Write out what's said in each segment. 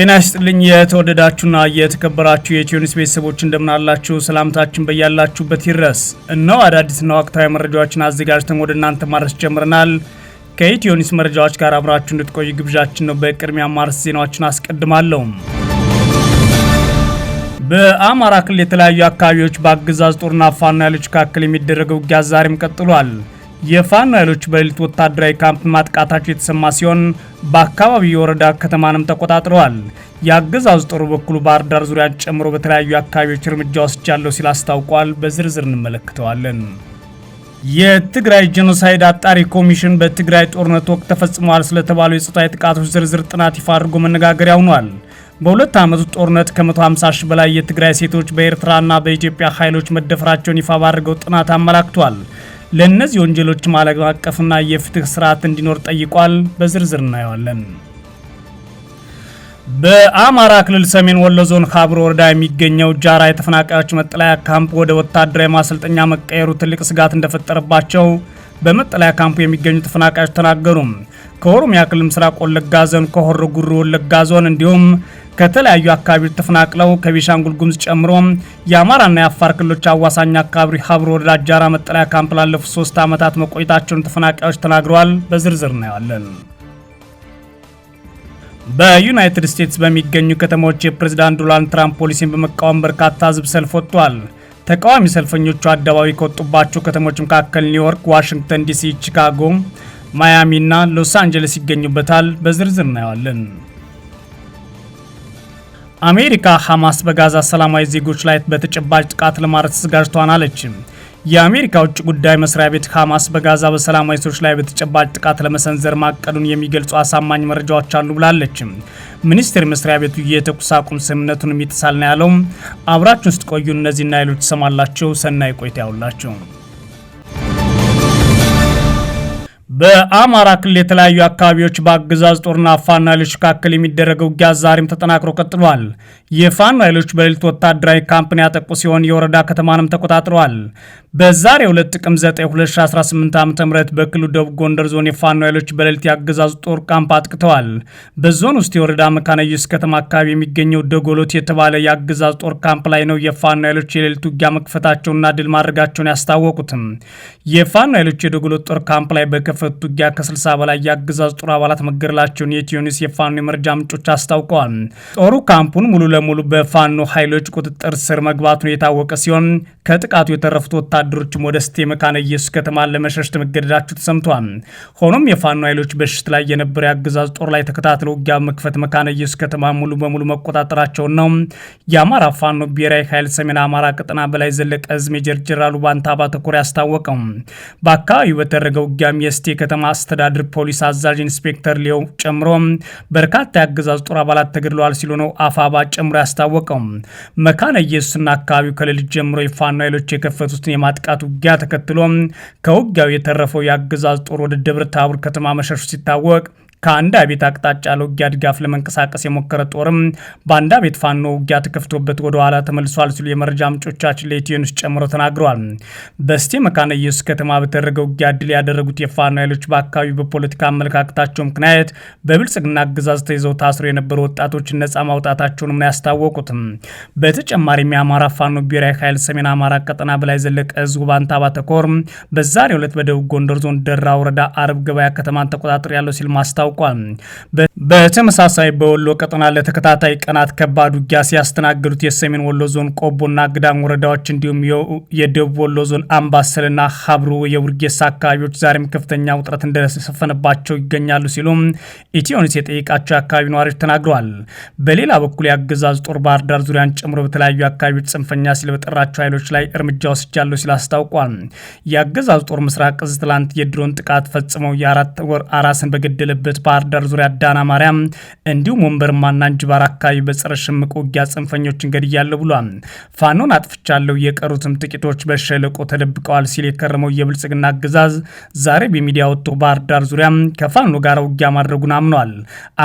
ጤና ይስጥልኝ የተወደዳችሁና የተከበራችሁ የኢትዮኒስ ቤተሰቦች እንደምናላችሁ ሰላምታችን በያላችሁበት ይድረስ። እነው አዳዲስና ወቅታዊ መረጃዎችን አዘጋጅተን ወደ እናንተ ማድረስ ጀምረናል። ከኢትዮኒስ መረጃዎች ጋር አብራችሁ እንድትቆዩ ግብዣችን ነው። በቅድሚያ ማርስ ዜናዎችን አስቀድማለሁ። በአማራ ክልል የተለያዩ አካባቢዎች በአገዛዝ ጦርና ፋኖ ኃይሎች መካከል የሚደረገው ውጊያ ዛሬም ቀጥሏል። የፋኖ ኃይሎች በሌሊት ወታደራዊ ካምፕ ማጥቃታቸው የተሰማ ሲሆን በአካባቢው የወረዳ ከተማንም ተቆጣጥረዋል። የአገዛዙ ጦር በኩሉ ባህር ዳር ዙሪያ ጨምሮ በተለያዩ አካባቢዎች እርምጃ ወስጃለሁ ሲል አስታውቋል። በዝርዝር እንመለከተዋለን። የትግራይ ጄኖሳይድ አጣሪ ኮሚሽን በትግራይ ጦርነት ወቅት ተፈጽመዋል ስለተባሉ የጽታዊ ጥቃቶች ዝርዝር ጥናት ይፋ አድርጎ መነጋገሪያ ሆኗል። በሁለት ዓመቱ ጦርነት ከ150 ሺህ በላይ የትግራይ ሴቶች በኤርትራና በኢትዮጵያ ኃይሎች መደፈራቸውን ይፋ ባድርገው ጥናት አመላክቷል። ለእነዚህ ወንጀሎች ዓለም አቀፍና የፍትህ ስርዓት እንዲኖር ጠይቋል። በዝርዝር እናየዋለን። በአማራ ክልል ሰሜን ወሎ ዞን ሀብሮ ወረዳ የሚገኘው ጃራ የተፈናቃዮች መጠለያ ካምፕ ወደ ወታደራዊ ማሰልጠኛ መቀየሩ ትልቅ ስጋት እንደፈጠረባቸው በመጠለያ ካምፑ የሚገኙ ተፈናቃዮች ተናገሩ። ከኦሮሚያ ክልል ምስራቅ ወለጋ ዞን፣ ከሆሮ ጉሩ ወለጋ ዞን እንዲሁም ከተለያዩ አካባቢዎች ተፈናቅለው ከቤሻንጉል ጉሙዝ ጨምሮ የአማራና የአፋር ክልሎች አዋሳኝ አካባቢ ሀብሮ ወደ አጃራ መጠለያ ካምፕ ላለፉት ሶስት ዓመታት መቆየታቸውን ተፈናቃዮች ተናግረዋል። በዝርዝር እናየዋለን። በዩናይትድ ስቴትስ በሚገኙ ከተሞች የፕሬዝዳንት ዶናልድ ትራምፕ ፖሊሲን በመቃወም በርካታ ህዝብ ሰልፍ ወጥቷል። ተቃዋሚ ሰልፈኞቹ አደባባይ ከወጡባቸው ከተሞች መካከል ኒውዮርክ፣ ዋሽንግተን ዲሲ፣ ቺካጎ፣ ማያሚ እና ሎስ አንጀለስ ይገኙበታል። በዝርዝር እናየዋለን። አሜሪካ ሐማስ በጋዛ ሰላማዊ ዜጎች ላይ በተጨባጭ ጥቃት ለማድረስ ተዘጋጅቷን አለች። የአሜሪካ ውጭ ጉዳይ መስሪያ ቤት ሐማስ በጋዛ በሰላማዊ ሰዎች ላይ በተጨባጭ ጥቃት ለመሰንዘር ማቀዱን የሚገልጹ አሳማኝ መረጃዎች አሉ ብላለች። ሚኒስቴር መስሪያ ቤቱ የተኩስ አቁም ስምምነቱን የሚጥሳል ነው ያለው። አብራችን ውስጥ እነዚህና ሌሎች ይሰማላቸው። ሰናይ ቆይታ ያውላቸው። በአማራ ክልል የተለያዩ አካባቢዎች በአገዛዝ ጦርና ፋኖ ኃይሎች መካከል የሚደረገው ውጊያ ዛሬም ተጠናክሮ ቀጥሏል። የፋኖ ኃይሎች በሌሊት ወታደራዊ ካምፕን ያጠቁ ሲሆን የወረዳ ከተማንም ተቆጣጥረዋል። በዛሬ ሁለት ጥቅም 9 2018 ዓ ም በክልሉ ደቡብ ጎንደር ዞን የፋኖ ኃይሎች በሌሊት የአገዛዝ ጦር ካምፕ አጥቅተዋል። በዞን ውስጥ የወረዳ መካነዩስ ከተማ አካባቢ የሚገኘው ደጎሎት የተባለ የአገዛዝ ጦር ካምፕ ላይ ነው የፋኖ ኃይሎች የሌሊት ውጊያ መክፈታቸውና ድል ማድረጋቸውን ያስታወቁትም የፋኖ ኃይሎች የደጎሎት ጦር ካምፕ ላይ በከፈ በተከፈቱት ውጊያ ከ60 በላይ የአገዛዝ ጦር አባላት መገደላቸውን የኢትዮኒውስ የፋኖ የመረጃ ምንጮች አስታውቀዋል። ጦሩ ካምፑን ሙሉ ለሙሉ በፋኖ ኃይሎች ቁጥጥር ስር መግባቱን የታወቀ ሲሆን ከጥቃቱ የተረፉት ወታደሮችም ወደ ስቴ መካነ ኢየሱስ ከተማ ለመሸሽት መገደዳቸው ተሰምቷል። ሆኖም የፋኖ ኃይሎች በሽት ላይ የነበረ የአገዛዝ ጦር ላይ ተከታትለው ውጊያ መክፈት መካነ ኢየሱስ ከተማ ሙሉ በሙሉ መቆጣጠራቸውን ነው የአማራ ፋኖ ብሔራዊ ኃይል ሰሜን አማራ ቀጠና በላይ ዘለቀ ህዝብ ሜጀር ጀነራል ባንታ ባተኮር ያስታወቀው። በአካባቢው በተደረገ ውጊያም የስ መንግስት የከተማ አስተዳደር ፖሊስ አዛዥ ኢንስፔክተር ሊው ጨምሮ በርካታ የአገዛዝ ጦር አባላት ተገድለዋል ሲሉ ነው አፋባ ጨምሮ ያስታወቀው። መካነ ኢየሱስና አካባቢው ከሌሊት ጀምሮ የፋኖ ኃይሎች የከፈቱትን የማጥቃት ውጊያ ተከትሎ ከውጊያው የተረፈው የአገዛዝ ጦር ወደ ደብረ ታቦር ከተማ መሸሹ ሲታወቅ ከአንድ አቤት አቅጣጫ ለውጊያ ድጋፍ ለመንቀሳቀስ የሞከረ ጦርም በአንድ አቤት ፋኖ ውጊያ ተከፍቶበት ወደ ኋላ ተመልሷል ሲሉ የመረጃ ምንጮቻችን ለኢትዮ ጨምሮ ተናግረዋል። በስቴ መካነ ኢየሱስ ከተማ በተደረገ ውጊያ ድል ያደረጉት የፋኖ ኃይሎች በአካባቢው በፖለቲካ አመለካከታቸው ምክንያት በብልጽግና አገዛዝ ተይዘው ታስረው የነበሩ ወጣቶች ነጻ ማውጣታቸውንም ነው ያስታወቁትም። በተጨማሪም የአማራ ፋኖ ብሔራዊ ኃይል ሰሜን አማራ ቀጠና በላይ ዘለቀ ህዝቡ ባንታባ ባተኮር በዛሬው ዕለት በደቡብ ጎንደር ዞን ደራ ወረዳ አረብ ገበያ ከተማን ተቆጣጠር ያለው ሲል ማስታወ አስታውቋል። በተመሳሳይ በወሎ ቀጠና ለተከታታይ ቀናት ከባድ ውጊያ ሲያስተናግዱት የሰሜን ወሎ ዞን ቆቦና ግዳን ወረዳዎች እንዲሁም የደቡብ ወሎ ዞን አምባሰልና ሀብሩ የውርጌሳ አካባቢዎች ዛሬም ከፍተኛ ውጥረት እንደሰፈነባቸው ይገኛሉ ሲሉም ኢትዮኒስ የጠየቃቸው የአካባቢ ነዋሪዎች ተናግረዋል። በሌላ በኩል የአገዛዝ ጦር ባህር ዳር ዙሪያን ጨምሮ በተለያዩ አካባቢዎች ጽንፈኛ ሲል በጠራቸው ኃይሎች ላይ እርምጃ ወስጃለሁ ሲል አስታውቋል። የአገዛዝ ጦር ምስራቅ እዝ ትላንት የድሮን ጥቃት ፈጽመው የአራት ወር አራስን በገደለበት ባለበት ባህር ዳር ዙሪያ ዳና ማርያም፣ እንዲሁም ወንበርማና እንጅባር አካባቢ በጸረ ሽምቅ ውጊያ ጽንፈኞችን ገድያለሁ ብሏል። ፋኖን አጥፍቻለሁ፣ የቀሩትም ጥቂቶች በሸለቆ ተደብቀዋል ሲል የከረመው የብልጽግና አገዛዝ ዛሬ በሚዲያ ወጥቶ ባህር ዳር ዙሪያ ከፋኖ ጋር ውጊያ ማድረጉን አምኗል።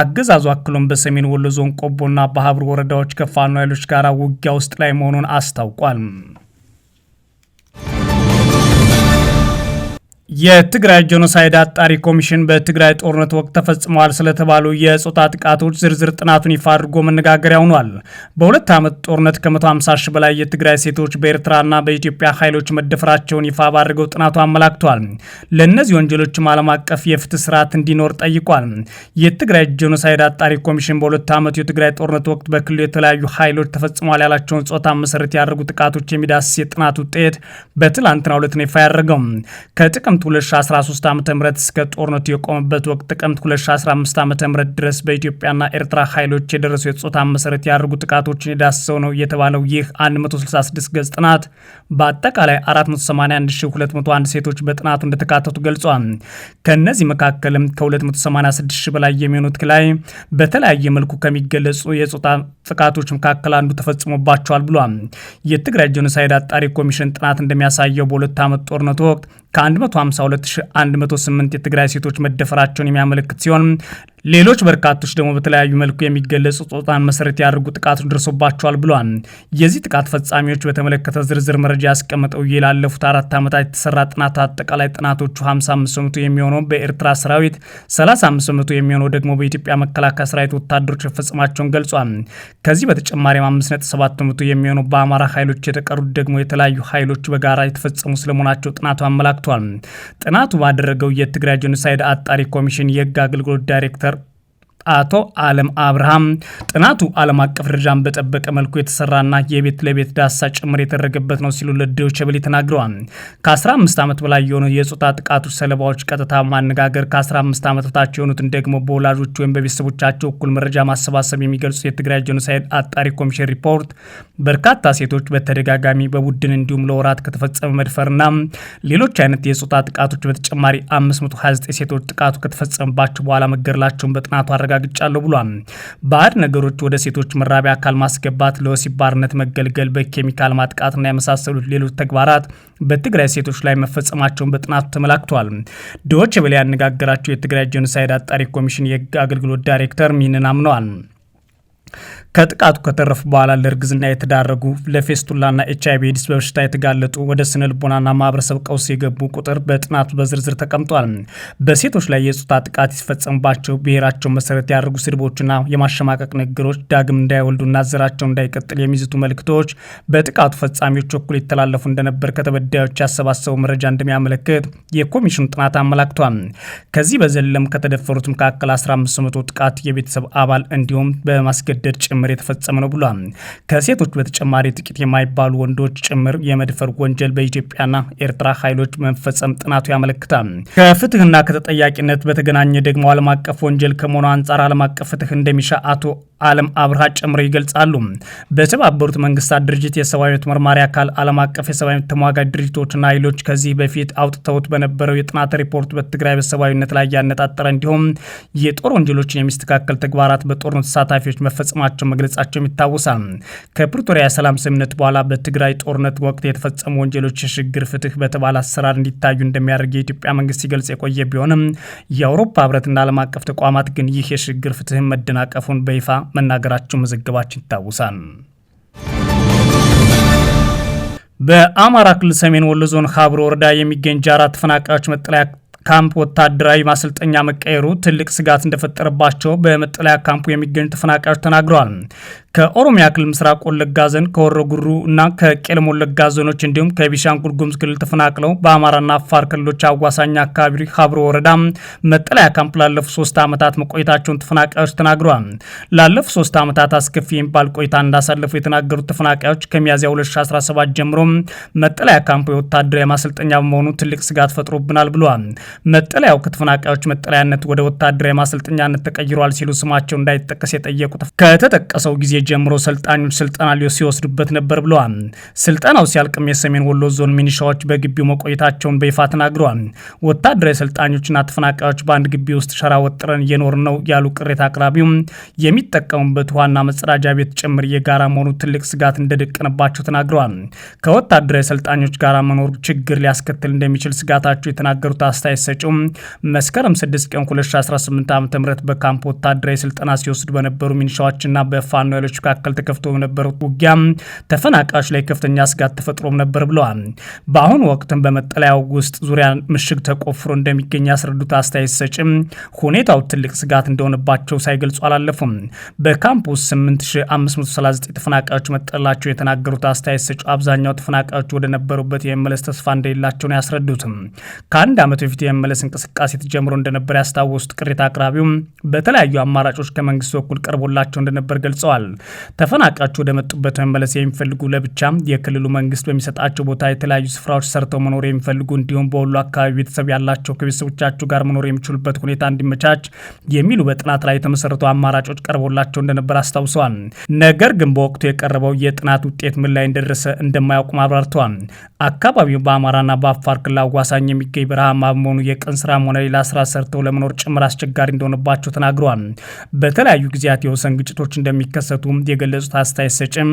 አገዛዙ አክሎም በሰሜን ወሎ ዞን ቆቦና በሀብሩ ወረዳዎች ከፋኖ ኃይሎች ጋር ውጊያ ውስጥ ላይ መሆኑን አስታውቋል። የትግራይ ጄኖሳይድ አጣሪ ኮሚሽን በትግራይ ጦርነት ወቅት ተፈጽመዋል ስለተባሉ የጾታ ጥቃቶች ዝርዝር ጥናቱን ይፋ አድርጎ መነጋገሪያ ሆኗል። በሁለት ዓመት ጦርነት ከ150 ሺህ በላይ የትግራይ ሴቶች በኤርትራና በኢትዮጵያ ኃይሎች መደፈራቸውን ይፋ ባድርገው ጥናቱ አመላክቷል። ለእነዚህ ወንጀሎችም ዓለም አቀፍ የፍትህ ስርዓት እንዲኖር ጠይቋል። የትግራይ ጄኖሳይድ አጣሪ ኮሚሽን በሁለት ዓመቱ የትግራይ ጦርነት ወቅት በክልሉ የተለያዩ ኃይሎች ተፈጽመዋል ያላቸውን ጾታ መሰረት ያደረጉ ጥቃቶች የሚዳስስ የጥናት ውጤት በትላንትናው ዕለት ነው ይፋ ያደረገው ከጥቅም ጥቅምት 2013 ዓ ም እስከ ጦርነቱ የቆመበት ወቅት ጥቅምት 2015 ዓ ም ድረስ በኢትዮጵያና ኤርትራ ኃይሎች የደረሱ የጾታ መሰረት ያደርጉ ጥቃቶችን የዳሰው ነው የተባለው ይህ 166 ገጽ ጥናት በአጠቃላይ 481201 ሴቶች በጥናቱ እንደተካተቱ ገልጿል። ከእነዚህ መካከልም ከ286 በላይ የሚሆኑት ላይ በተለያየ መልኩ ከሚገለጹ የጾታ ጥቃቶች መካከል አንዱ ተፈጽሞባቸዋል ብሏል። የትግራይ ጄኖሳይድ አጣሪ ኮሚሽን ጥናት እንደሚያሳየው በሁለት ዓመት ጦርነቱ ወቅት ከ152108 የትግራይ ሴቶች መደፈራቸውን የሚያመለክት ሲሆን ሌሎች በርካቶች ደግሞ በተለያዩ መልኩ የሚገለጹ ጾታን መሰረት ያደርጉ ጥቃት ደርሶባቸዋል ብሏል። የዚህ ጥቃት ፈጻሚዎች በተመለከተ ዝርዝር መረጃ ያስቀመጠው የላለፉት አራት ዓመታት የተሰራ ጥናት አጠቃላይ ጥናቶቹ 55 በመቶ የሚሆነው በኤርትራ ሰራዊት፣ 35 በመቶ የሚሆነው ደግሞ በኢትዮጵያ መከላከያ ሰራዊት ወታደሮች መፈጸማቸውን ገልጿል። ከዚህ በተጨማሪም 57 በመቶ የሚሆነው በአማራ ኃይሎች፣ የተቀሩት ደግሞ የተለያዩ ኃይሎች በጋራ የተፈጸሙ ስለመሆናቸው ጥናቱ አመላክቷል። ጥናቱ ባደረገው የትግራይ ጄኖሳይድ አጣሪ ኮሚሽን የህግ አገልግሎት ዳይሬክተር አቶ አለም አብርሃም ጥናቱ ዓለም አቀፍ ደረጃን በጠበቀ መልኩ የተሰራና የቤት ለቤት ዳሳ ጭምር የተደረገበት ነው ሲሉ ለዶይቼ ቬለ ተናግረዋል። ከ15 ዓመት በላይ የሆኑ የጾታ ጥቃቶች ሰለባዎች ቀጥታ ማነጋገር፣ ከ15 ዓመት በታች የሆኑትን ደግሞ በወላጆች ወይም በቤተሰቦቻቸው እኩል መረጃ ማሰባሰብ የሚገልጹት የትግራይ ጄኖሳይድ አጣሪ ኮሚሽን ሪፖርት በርካታ ሴቶች በተደጋጋሚ በቡድን እንዲሁም ለወራት ከተፈጸመ መድፈርና ሌሎች አይነት የጾታ ጥቃቶች በተጨማሪ 529 ሴቶች ጥቃቱ ከተፈጸመባቸው በኋላ መገደላቸውን በጥናቱ አረጋ አረጋግጫለሁ ብሏል። ባዕድ ነገሮች ወደ ሴቶች መራቢያ አካል ማስገባት፣ ለወሲብ ባርነት መገልገል፣ በኬሚካል ማጥቃትና የመሳሰሉት ሌሎች ተግባራት በትግራይ ሴቶች ላይ መፈጸማቸውን በጥናቱ ተመላክቷል። ዶች ቬለ ያነጋገራቸው የትግራይ ጄኖሳይድ አጣሪ ኮሚሽን የህግ አገልግሎት ዳይሬክተር ይህንን አምነዋል። ከጥቃቱ ከተረፉ በኋላ ለእርግዝና የተዳረጉ ለፌስቱላና ኤች አይቪ ኤድስ በበሽታ የተጋለጡ ወደ ስነ ልቦናና ማህበረሰብ ቀውስ የገቡ ቁጥር በጥናቱ በዝርዝር ተቀምጧል። በሴቶች ላይ የጾታ ጥቃት ሲፈጸምባቸው ብሔራቸው መሰረት ያደርጉ ስድቦችና የማሸማቀቅ ንግግሮች ዳግም እንዳይወልዱና ዘራቸው እንዳይቀጥል የሚዝቱ መልእክቶች በጥቃቱ ፈጻሚዎች በኩል የተላለፉ እንደነበር ከተበዳዮች ያሰባሰቡ መረጃ እንደሚያመለክት የኮሚሽኑ ጥናት አመላክቷል። ከዚህ በዘለም ከተደፈሩት መካከል 15 በመቶ ጥቃት የቤተሰብ አባል እንዲሁም በማስገደድ ጭምር ጭምር የተፈጸመ ነው ብሏል። ከሴቶች በተጨማሪ ጥቂት የማይባሉ ወንዶች ጭምር የመድፈር ወንጀል በኢትዮጵያና ኤርትራ ኃይሎች መፈጸም ጥናቱ ያመለክታል። ከፍትህና ከተጠያቂነት በተገናኘ ደግሞ ዓለም አቀፍ ወንጀል ከመሆኑ አንጻር ዓለም አቀፍ ፍትህ እንደሚሻ አቶ አለም አብርሃ ጨምረው ይገልጻሉ። በተባበሩት መንግስታት ድርጅት የሰብአዊነት መርማሪ አካል ዓለም አቀፍ የሰብአዊነት ተሟጋጅ ድርጅቶችና ኃይሎች ከዚህ በፊት አውጥተውት በነበረው የጥናት ሪፖርት በትግራይ በሰብአዊነት ላይ ያነጣጠረ እንዲሁም የጦር ወንጀሎችን የሚስተካከል ተግባራት በጦርነት ተሳታፊዎች መፈጸማቸው መግለጻቸውም ይታወሳል። ከፕሪቶሪያ የሰላም ስምምነት በኋላ በትግራይ ጦርነት ወቅት የተፈጸሙ ወንጀሎች የሽግግር ፍትህ በተባለ አሰራር እንዲታዩ እንደሚያደርግ የኢትዮጵያ መንግስት ሲገልጽ የቆየ ቢሆንም የአውሮፓ ህብረትና ዓለም አቀፍ ተቋማት ግን ይህ የሽግግር ፍትህን መደናቀፉን በይፋ መናገራቸው መዘገባችን ይታወሳል። በአማራ ክልል ሰሜን ወሎ ዞን ሀብሮ ወረዳ የሚገኝ ጃራ ተፈናቃዮች መጠለያ ካምፕ ወታደራዊ ማሰልጠኛ መቀየሩ ትልቅ ስጋት እንደፈጠረባቸው በመጠለያ ካምፑ የሚገኙ ተፈናቃዮች ተናግረዋል። ከኦሮሚያ ክልል ምስራቅ ወለጋ ዞን ከሆሮ ጉሩ እና ከቄለም ወለጋ ዞኖች እንዲሁም ከቤኒሻንጉል ጉሙዝ ክልል ተፈናቅለው በአማራና አፋር ክልሎች አዋሳኝ አካባቢ ሀብሮ ወረዳ መጠለያ ካምፕ ላለፉት ሶስት ዓመታት መቆየታቸውን ተፈናቃዮች ተናግረዋል። ላለፉት ሶስት ዓመታት አስከፊ የሚባል ቆይታ እንዳሳለፉ የተናገሩት ተፈናቃዮች ከሚያዝያ 2017 ጀምሮ መጠለያ ካምፕ የወታደራዊ ማሰልጠኛ በመሆኑ ትልቅ ስጋት ፈጥሮብናል ብለዋል። መጠለያው ከተፈናቃዮች መጠለያነት ወደ ወታደራዊ ማሰልጠኛነት ተቀይሯል ሲሉ ስማቸው እንዳይጠቀስ የጠየቁት ከተጠቀሰው ጊዜ ጀምሮ ሰልጣኞች ስልጠና ሲወስዱበት ነበር ብለዋል። ስልጠናው ሲያልቅም የሰሜን ወሎ ዞን ሚኒሻዎች በግቢው መቆየታቸውን በይፋ ተናግረዋል። ወታደራዊ ሰልጣኞችና ተፈናቃዮች በአንድ ግቢ ውስጥ ሸራ ወጥረን እየኖር ነው ያሉ ቅሬታ አቅራቢውም የሚጠቀሙበት ዋና መጸዳጃ ቤት ጭምር የጋራ መሆኑ ትልቅ ስጋት እንደደቀነባቸው ተናግረዋል። ከወታደራዊ ሰልጣኞች ጋራ መኖር ችግር ሊያስከትል እንደሚችል ስጋታቸው የተናገሩት አስተያየት አስተያየት ሰጪው መስከረም 6 ቀን 2018 ዓ ም በካምፕ ወታደራዊ ስልጠና ሲወስድ በነበሩ ሚኒሻዎችና በፋኖ ኃይሎች መካከል ተከፍቶ በነበረው ውጊያ ተፈናቃዮች ላይ ከፍተኛ ስጋት ተፈጥሮም ነበር ብለዋል። በአሁኑ ወቅትም በመጠለያው ውስጥ ዙሪያ ምሽግ ተቆፍሮ እንደሚገኝ ያስረዱት አስተያየት ሰጪም ሁኔታው ትልቅ ስጋት እንደሆነባቸው ሳይገልጹ አላለፉም። በካምፕ ውስጥ 8539 ተፈናቃዮች መጠለላቸው የተናገሩት አስተያየት ሰጪው አብዛኛው ተፈናቃዮች ወደ ነበሩበት የመመለስ ተስፋ እንደሌላቸው ነው ያስረዱትም ከአንድ ዓመት በፊት የመመለስ እንቅስቃሴ ተጀምሮ እንደነበር ያስታወሱት ቅሬታ አቅራቢውም በተለያዩ አማራጮች ከመንግስት በኩል ቀርቦላቸው እንደነበር ገልጸዋል። ተፈናቃዮች ወደ መጡበት መመለስ የሚፈልጉ ለብቻ፣ የክልሉ መንግስት በሚሰጣቸው ቦታ የተለያዩ ስፍራዎች ሰርተው መኖር የሚፈልጉ እንዲሁም በወሎ አካባቢ ቤተሰብ ያላቸው ከቤተሰቦቻቸው ጋር መኖር የሚችሉበት ሁኔታ እንዲመቻች የሚሉ በጥናት ላይ የተመሰረቱ አማራጮች ቀርቦላቸው እንደነበር አስታውሰዋል። ነገር ግን በወቅቱ የቀረበው የጥናት ውጤት ምን ላይ እንደደረሰ እንደማያውቁም አብራርተዋል። አካባቢው በአማራና በአፋር ክልል አዋሳኝ የሚገኝ በረሃማ በመሆኑ የቀን ስራም ሆነ ሌላ ስራ ሰርተው ለመኖር ጭምር አስቸጋሪ እንደሆነባቸው ተናግረዋል። በተለያዩ ጊዜያት የወሰን ግጭቶች እንደሚከሰቱ የገለጹት አስተያየት ሰጭም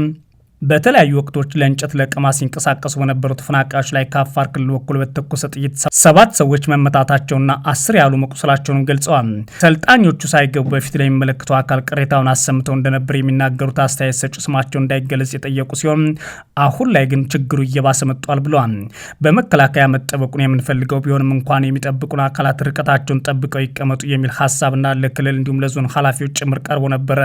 በተለያዩ ወቅቶች ለእንጨት ለቀማ ሲንቀሳቀሱ በነበሩ ተፈናቃዮች ላይ ከአፋር ክልል በኩል በተኮሰ ጥይት ሰባት ሰዎች መመታታቸውና አስር ያሉ መቁሰላቸውን ገልጸዋል። ሰልጣኞቹ ሳይገቡ በፊት ለሚመለከተው አካል ቅሬታውን አሰምተው እንደነበር የሚናገሩት አስተያየት ሰጪ ስማቸው እንዳይገለጽ የጠየቁ ሲሆን አሁን ላይ ግን ችግሩ እየባሰ መጥቷል ብለዋል። በመከላከያ መጠበቁን የምንፈልገው ቢሆንም እንኳን የሚጠብቁን አካላት ርቀታቸውን ጠብቀው ይቀመጡ የሚል ሀሳብና ለክልል እንዲሁም ለዞን ኃላፊዎች ጭምር ቀርቦ ነበረ።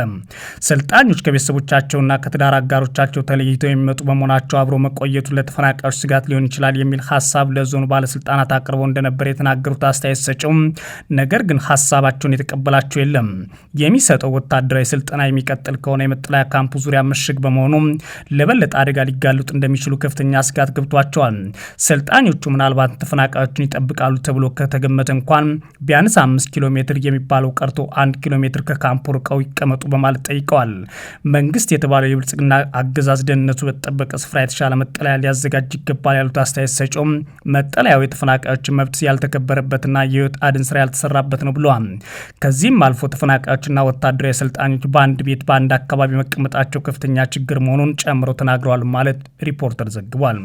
ሰልጣኞች ከቤተሰቦቻቸውና ከትዳር አጋሮቻቸው ተለይተው የሚመጡ በመሆናቸው አብሮ መቆየቱ ለተፈናቃዮች ስጋት ሊሆን ይችላል የሚል ሀሳብ ለዞኑ ባለስልጣናት አቅርበው እንደነበር የተናገሩት አስተያየት ሰጪው፣ ነገር ግን ሀሳባቸውን የተቀበላቸው የለም። የሚሰጠው ወታደራዊ ስልጠና የሚቀጥል ከሆነ የመጠለያ ካምፑ ዙሪያ ምሽግ በመሆኑ ለበለጠ አደጋ ሊጋለጡ እንደሚችሉ ከፍተኛ ስጋት ገብቷቸዋል። ሰልጣኞቹ ምናልባት ተፈናቃዮችን ይጠብቃሉ ተብሎ ከተገመተ እንኳን ቢያንስ አምስት ኪሎ ሜትር የሚባለው ቀርቶ አንድ ኪሎ ሜትር ከካምፑ ርቀው ይቀመጡ በማለት ጠይቀዋል። መንግስት የተባለው የብልጽግና አገዛዝ አገዛዝ ደህንነቱ በተጠበቀ ስፍራ የተሻለ መጠለያ ሊያዘጋጅ ይገባል ያሉት አስተያየት ሰጪውም መጠለያው የተፈናቃዮችን መብት ያልተከበረበትና የህይወት አድን ስራ ያልተሰራበት ነው ብለዋል። ከዚህም አልፎ ተፈናቃዮችና ወታደራዊ አሰልጣኞች በአንድ ቤት በአንድ አካባቢ መቀመጣቸው ከፍተኛ ችግር መሆኑን ጨምሮ ተናግረዋል ማለት ሪፖርተር ዘግቧል።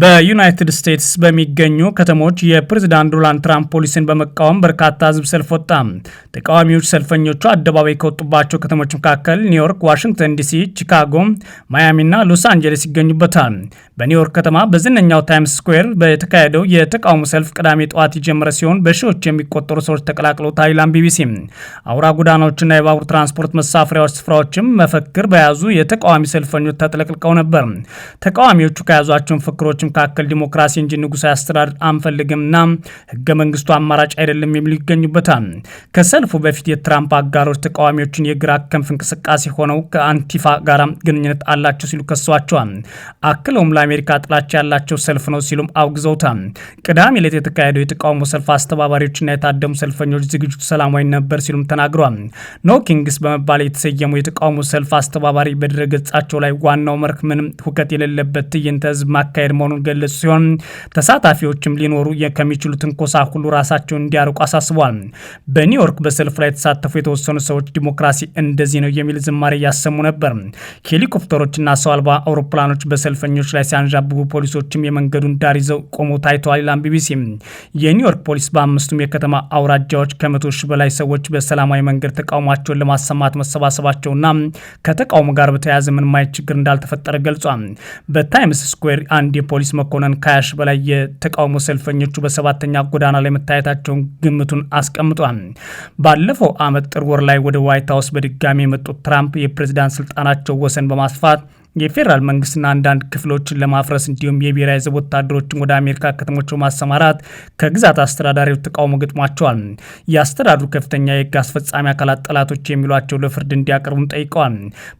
በዩናይትድ ስቴትስ በሚገኙ ከተሞች የፕሬዝዳንት ዶናልድ ትራምፕ ፖሊሲን በመቃወም በርካታ ህዝብ ሰልፍ ወጣ። ተቃዋሚዎች ሰልፈኞቹ አደባባይ ከወጡባቸው ከተሞች መካከል ኒውዮርክ፣ ዋሽንግተን ዲሲ፣ ቺካጎ፣ ማያሚና ሎስ አንጀለስ ይገኙበታል። በኒውዮርክ ከተማ በዝነኛው ታይምስ ስኩዌር በተካሄደው የተቃውሞ ሰልፍ ቅዳሜ ጠዋት የጀመረ ሲሆን በሺዎች የሚቆጠሩ ሰዎች ተቀላቅለው ታይላንድ ቢቢሲ አውራ ጎዳናዎችና የባቡር ትራንስፖርት መሳፈሪያዎች ስፍራዎችም መፈክር በያዙ የተቃዋሚ ሰልፈኞች ተጥለቅልቀው ነበር። ተቃዋሚዎቹ ከያዟቸው መፈክሮች ሀገሮች መካከል ዲሞክራሲ እንጂ ንጉሳዊ አስተዳደር አንፈልግምና ህገ መንግስቱ አማራጭ አይደለም የሚሉ ይገኙበታል። ከሰልፉ በፊት የትራምፕ አጋሮች ተቃዋሚዎችን የግራ ክንፍ እንቅስቃሴ ሆነው ከአንቲፋ ጋራ ግንኙነት አላቸው ሲሉ ከሰዋቸዋል። አክለውም ለአሜሪካ ጥላቻ ያላቸው ሰልፍ ነው ሲሉም አውግዘውታል። ቅዳሜ ዕለት የተካሄደው የተቃውሞ ሰልፍ አስተባባሪዎችና የታደሙ ሰልፈኞች ዝግጅቱ ሰላማዊ ነበር ሲሉም ተናግረዋል። ኖ ኪንግስ በመባል የተሰየመው የተቃውሞ ሰልፍ አስተባባሪ በድረገጻቸው ላይ ዋናው መርህ ምንም ሁከት የሌለበት ትዕይንተ ህዝብ ማካሄድ መሆኑ መሆኑን ገለጹ ሲሆን ተሳታፊዎችም ሊኖሩ ከሚችሉ ትንኮሳ ሁሉ ራሳቸውን እንዲያርቁ አሳስቧል። በኒውዮርክ በሰልፍ ላይ የተሳተፉ የተወሰኑ ሰዎች ዲሞክራሲ እንደዚህ ነው የሚል ዝማሬ እያሰሙ ነበር። ሄሊኮፕተሮችና ሰው አልባ አውሮፕላኖች በሰልፈኞች ላይ ሲያንዣብቡ፣ ፖሊሶችም የመንገዱን ዳር ይዘው ቆሞ ታይተዋል ይላል ቢቢሲ። የኒውዮርክ ፖሊስ በአምስቱም የከተማ አውራጃዎች ከመቶ ሺህ በላይ ሰዎች በሰላማዊ መንገድ ተቃውሟቸውን ለማሰማት መሰባሰባቸውና ከተቃውሞ ጋር በተያያዘ ምንም አይነት ችግር እንዳልተፈጠረ ገልጿል። በታይምስ ስኩዌር አንድ የፖሊስ መኮንን ከያሽ በላይ የተቃውሞ ሰልፈኞቹ በሰባተኛ ጎዳና ላይ መታየታቸውን ግምቱን አስቀምጧል። ባለፈው ዓመት ጥር ወር ላይ ወደ ዋይት ሀውስ በድጋሚ የመጡት ትራምፕ የፕሬዚዳንት ስልጣናቸው ወሰን በማስፋት የፌዴራል መንግስትና አንዳንድ ክፍሎችን ለማፍረስ እንዲሁም የብሔራዊ ዘብ ወታደሮችን ወደ አሜሪካ ከተሞች በማሰማራት ከግዛት አስተዳዳሪው ተቃውሞ ገጥሟቸዋል። የአስተዳድሩ ከፍተኛ የህግ አስፈጻሚ አካላት ጠላቶች የሚሏቸው ለፍርድ እንዲያቀርቡም ጠይቀዋል።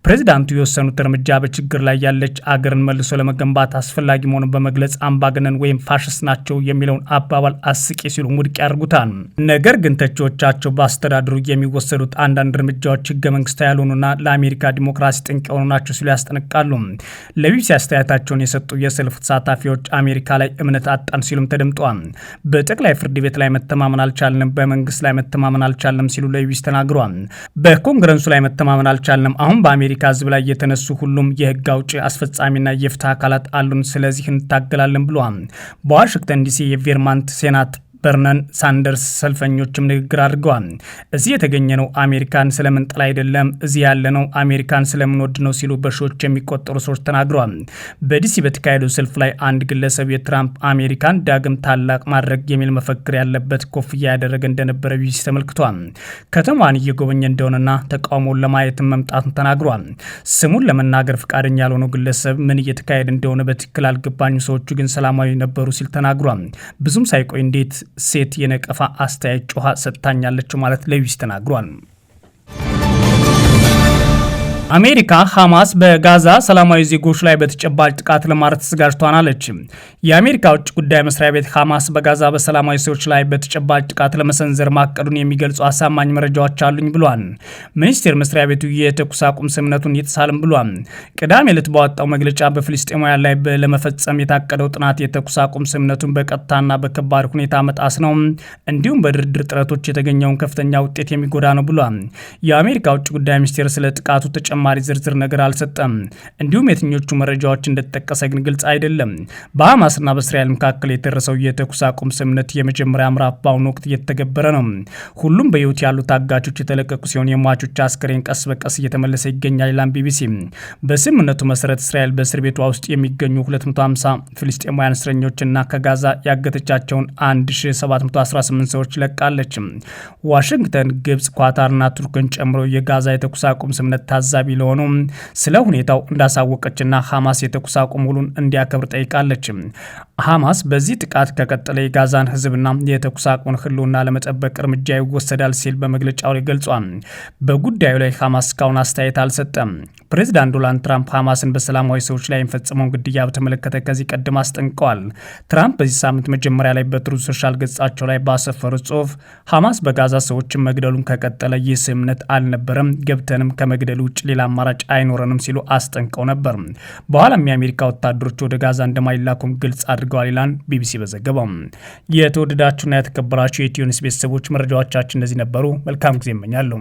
ፕሬዚዳንቱ የወሰኑት እርምጃ በችግር ላይ ያለች አገርን መልሶ ለመገንባት አስፈላጊ መሆኑን በመግለጽ አምባገነን ወይም ፋሽስት ናቸው የሚለውን አባባል አስቂ ሲሉ ውድቅ ያደርጉታል። ነገር ግን ተቺዎቻቸው በአስተዳድሩ የሚወሰዱት አንዳንድ እርምጃዎች ህገ መንግስታዊ ያልሆኑና ለአሜሪካ ዲሞክራሲ ጥንቅ የሆኑ ናቸው ሲሉ ያስጠነቅቃል። ይጠይቃሉ። ለቢቢሲ አስተያየታቸውን የሰጡ የሰልፍ ተሳታፊዎች አሜሪካ ላይ እምነት አጣን ሲሉም ተደምጠዋ። በጠቅላይ ፍርድ ቤት ላይ መተማመን አልቻልንም፣ በመንግስት ላይ መተማመን አልቻልንም ሲሉ ለቢቢሲ ተናግረዋል። በኮንግረሱ ላይ መተማመን አልቻልንም። አሁን በአሜሪካ ህዝብ ላይ የተነሱ ሁሉም የህግ አውጪ አስፈጻሚና የፍትህ አካላት አሉን፣ ስለዚህ እንታገላለን ብለዋል። በዋሽንግተን ዲሲ የቬርማንት ሴናት በርነን ሳንደርስ ሰልፈኞችም ንግግር አድርገዋል። እዚህ የተገኘነው አሜሪካን ስለምንጠላ አይደለም፣ እዚህ ያለነው አሜሪካን ስለምንወድ ነው ሲሉ በሺዎች የሚቆጠሩ ሰዎች ተናግረዋል። በዲሲ በተካሄደው ሰልፍ ላይ አንድ ግለሰብ የትራምፕ አሜሪካን ዳግም ታላቅ ማድረግ የሚል መፈክር ያለበት ኮፍያ ያደረገ እንደነበረ ቢቢሲ ተመልክቷል። ከተማዋን እየጎበኘ እንደሆነና ተቃውሞውን ለማየትም መምጣቱን ተናግሯል። ስሙን ለመናገር ፈቃደኛ ያልሆነው ግለሰብ ምን እየተካሄደ እንደሆነ በትክክል አልገባኙ፣ ሰዎቹ ግን ሰላማዊ ነበሩ ሲል ተናግሯል። ብዙም ሳይቆይ እንዴት ሴት የነቀፋ አስተያየት ጮኋ ሰጥታኛለች ማለት ለዊስ ተናግሯል። አሜሪካ ሐማስ በጋዛ ሰላማዊ ዜጎች ላይ በተጨባጭ ጥቃት ለማድረግ ተዘጋጅቷን አለች። የአሜሪካ ውጭ ጉዳይ መስሪያ ቤት ሐማስ በጋዛ በሰላማዊ ሰዎች ላይ በተጨባጭ ጥቃት ለመሰንዘር ማቀዱን የሚገልጹ አሳማኝ መረጃዎች አሉኝ ብሏል። ሚኒስቴር መስሪያ ቤቱ የተኩስ አቁም ስምምነቱን እየተሳለም ብሏል። ቅዳሜ ዕለት ባወጣው መግለጫ በፍልስጤማውያን ላይ ለመፈጸም የታቀደው ጥናት የተኩስ አቁም ስምምነቱን በቀጥታና በከባድ ሁኔታ መጣስ ነው፣ እንዲሁም በድርድር ጥረቶች የተገኘውን ከፍተኛ ውጤት የሚጎዳ ነው ብሏል። የአሜሪካ ውጭ ጉዳይ ሚኒስቴር ስለ ጥቃቱ ተጨማ ተጨማሪ ዝርዝር ነገር አልሰጠም። እንዲሁም የትኞቹ መረጃዎች እንደተጠቀሰ ግን ግልጽ አይደለም። በሐማስና በእስራኤል መካከል የደረሰው የተኩስ አቁም ስምምነት የመጀመሪያ ምዕራፍ በአሁኑ ወቅት እየተገበረ ነው። ሁሉም በህይወት ያሉ ታጋቾች የተለቀቁ ሲሆን የሟቾች አስከሬን ቀስ በቀስ እየተመለሰ ይገኛል ይላል ቢቢሲ። በስምምነቱ መሰረት እስራኤል በእስር ቤቷ ውስጥ የሚገኙ 250 ፍልስጤማውያን እስረኞችና ከጋዛ ያገተቻቸውን 1718 ሰዎች ለቃለች። ዋሽንግተን፣ ግብጽ፣ ኳታርና ቱርክን ጨምሮ የጋዛ የተኩስ አቁም ስምምነት ታዛቢ ባቢሎኑ ስለ ሁኔታው እንዳሳወቀችና ሐማስ የተኩስ አቁም ውሉን እንዲያከብር ጠይቃለች። ሐማስ በዚህ ጥቃት ከቀጠለ የጋዛን ህዝብና የተኩስ አቁሙን ህልውና ለመጠበቅ እርምጃ ይወሰዳል ሲል በመግለጫው ላይ ገልጿል። በጉዳዩ ላይ ሐማስ እስካሁን አስተያየት አልሰጠም። ፕሬዚዳንት ዶናልድ ትራምፕ ሐማስን በሰላማዊ ሰዎች ላይ የሚፈጽመውን ግድያ በተመለከተ ከዚህ ቀደም አስጠንቀዋል። ትራምፕ በዚህ ሳምንት መጀመሪያ ላይ በትሩዝ ሶሻል ገጻቸው ላይ ባሰፈሩ ጽሁፍ ሐማስ በጋዛ ሰዎችን መግደሉን ከቀጠለ ይህ ስምምነት አልነበረም፣ ገብተንም ከመግደል ውጭ ሌላ አማራጭ አይኖረንም ሲሉ አስጠንቀው ነበር። በኋላም የአሜሪካ ወታደሮች ወደ ጋዛ እንደማይላኩም ግልጽ አድርገዋል ይላል ቢቢሲ በዘገባው። የተወደዳችሁና የተከበራችሁ የኢትዮ ኒውስ ቤተሰቦች መረጃዎቻችን እነዚህ ነበሩ። መልካም ጊዜ እመኛለሁ።